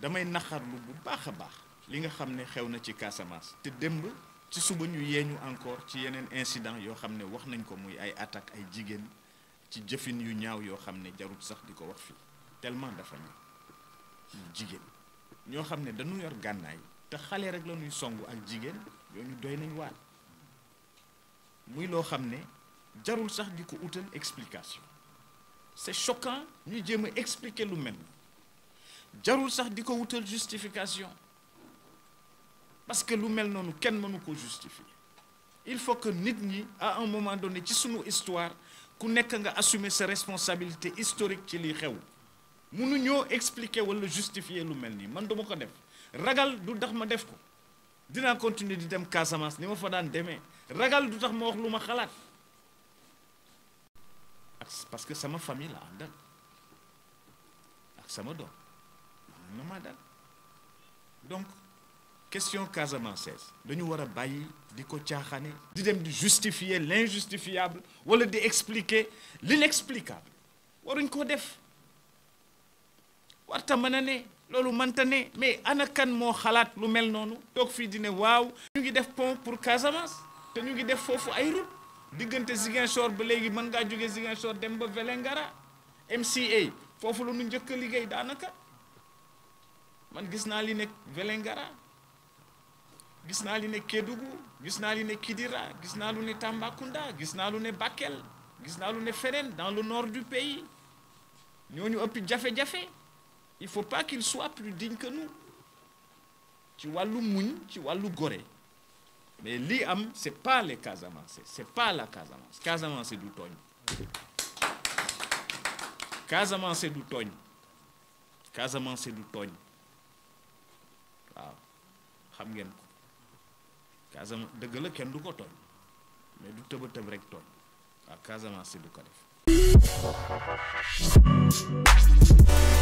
damay naxarlu bu baax a baax li nga xam ne xew na ci Casamance te démb ci suba ñu yeeñu encore ci yeneen incident yoo xam ne wax nañ ko muy ay attaque ay jigéen ci jëfin yu ñaaw yoo xam ne jarut sax di ko wax fii tellement dafa ñaaw jigéen ñoo xam ne dañu yor gànnaay te xale rek la ñuy songu ak jigéen yooyu doy nañ waat muy loo xam ne jarul sax di ko explication c'est choquant ñu jéem me expliquer lu même jarul sax di ko justification parce que lu mel nonu ken mënu ko justifier il faut que nit ñi à un moment donné ci sunu histoire ku nekk nga assumer ses responsabilités historiques ci li xew mënuñoo expliquer wala justifier lu mel ni man duma ko def ragal du tax ma def ko dina continuer di dem Casamance ni ma fa daan demee ragal du tax ma wax lu ma xalaat parce que ma famille là àndal ak sama doom na dal donc question casamançaise de war a bàyyi di ko caaxaane di dem di justifier l'injustifiable wala di expliquer l'inexplicable waruñ ko def ou mën a ne loolu mais ana kan moo xalaat lu mel noonu toog fii di ne ñu ngi def pont pour Casamance te ñu ngi def fofu ay diggante Ziguinchor ba légui mën ngaa jóge Ziguinchor dem ba Velengara MCA fofu lu ñu njëkk a liggéey daanaka man gis naa li nekk Velengara gis naa li ne Kédougou gis naa li ne Kidira gis naa lu ne Tambacounda gis naa lu ne Bakel gis naa lu ne feneen dans le nord du pays ñooñu ëpp jafe-jafe il faut pas qu'il soit plus digne que nous ci walu muñ ci walu gore mais l'IAM, c'est pas les Ce c'est pas la Casamance Casamance c'est tooñ Casamance du c'est Casamance du tooñ waaw Casamance mais du tëba c'est rek tooñ c'est